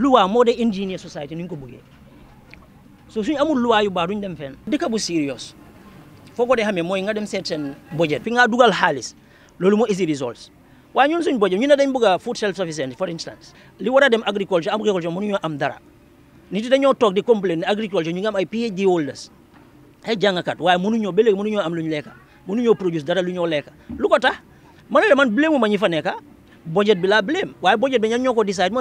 loi moo day engineer society ni ñu ko bëggee so suñu amul loi yu baax duñ dem fenn. dëkk bu serious foo ko dee xamee mooy nga dem seet seen budget fi nga dugal xaalis loolu moo easy results waaye ñun suñ budget ñu ne dañ bëgg a food self sufficiency for instance li war a dem agriculture agriculture mënuñoo am dara nit yi dañoo toog di complain ne agriculture ñu ngi am ay PhD holders ay jàngkat waaye mënuñoo ba léegi mënuñoo am lu ñu lekk mënuñoo produce dara lu ñoo lekk lu ko tax man ma ñi fa nekk budget bi laa blame waaye budget bi ñan ñoo ko decide